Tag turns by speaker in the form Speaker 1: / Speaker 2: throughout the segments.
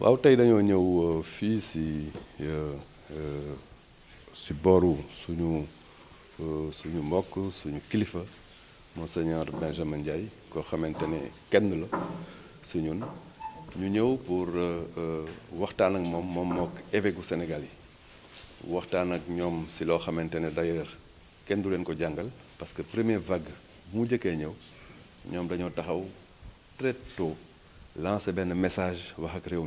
Speaker 1: waaw tey dañoo ñëw euh, fii si euh, euh, si booru suñu suñu mbokk suñu kilifa monseigneur Benjamin Ndiaye koo xamante ne kenn la su ñun ñu ñëw pour waxtaan ak Mom moom mook évêque Sénégal yi waxtaan ak ñoom si loo xamante ne d'ailleurs kenn du leen ko jàngal parce que première vague bu mu njëkkee ñëw ñoom dañoo taxaw très tôt lancer benn message wax ak réew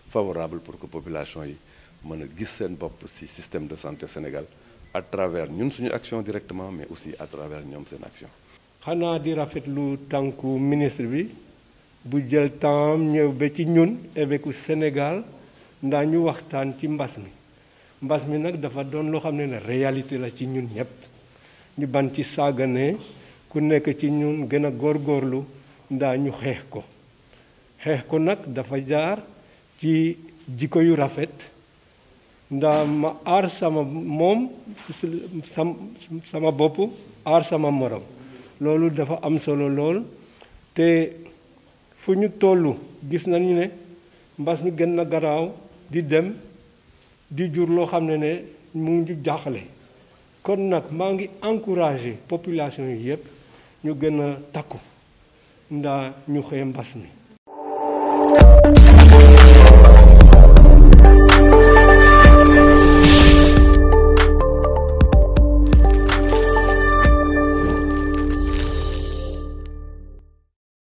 Speaker 1: favorable pour que population yi mën a gis seen bopp ci système de santé Sénégal à travers ñun suñu action directement mais aussi à travers ñoom seen action
Speaker 2: xanaa di rafetlu tànku ministre bi bu jël temps ñëw ba ci ñun au Sénégal ndaa ñu waxtaan ci mbas mi mbas mi nag dafa doon loo xam ne réalité la ci ñun ñëpp ñu ban ci sàggane ku nekk ci ñun gën a góorgóorlu ndaa ñu xeex ko xeex ko nag dafa jaar ci jikko yu rafet ndaa ma aar sama moom sam sama bopp aar sama morom loolu dafa am solo lool te fu ñu tollu gis nañu ne mbas mi gën na garaaw di dem di jur loo xam ne ne mu ngi jaaxle kon nag maa ngi encouragé population yi yépp ñu gën a takku ndax ñu xëy mbas mi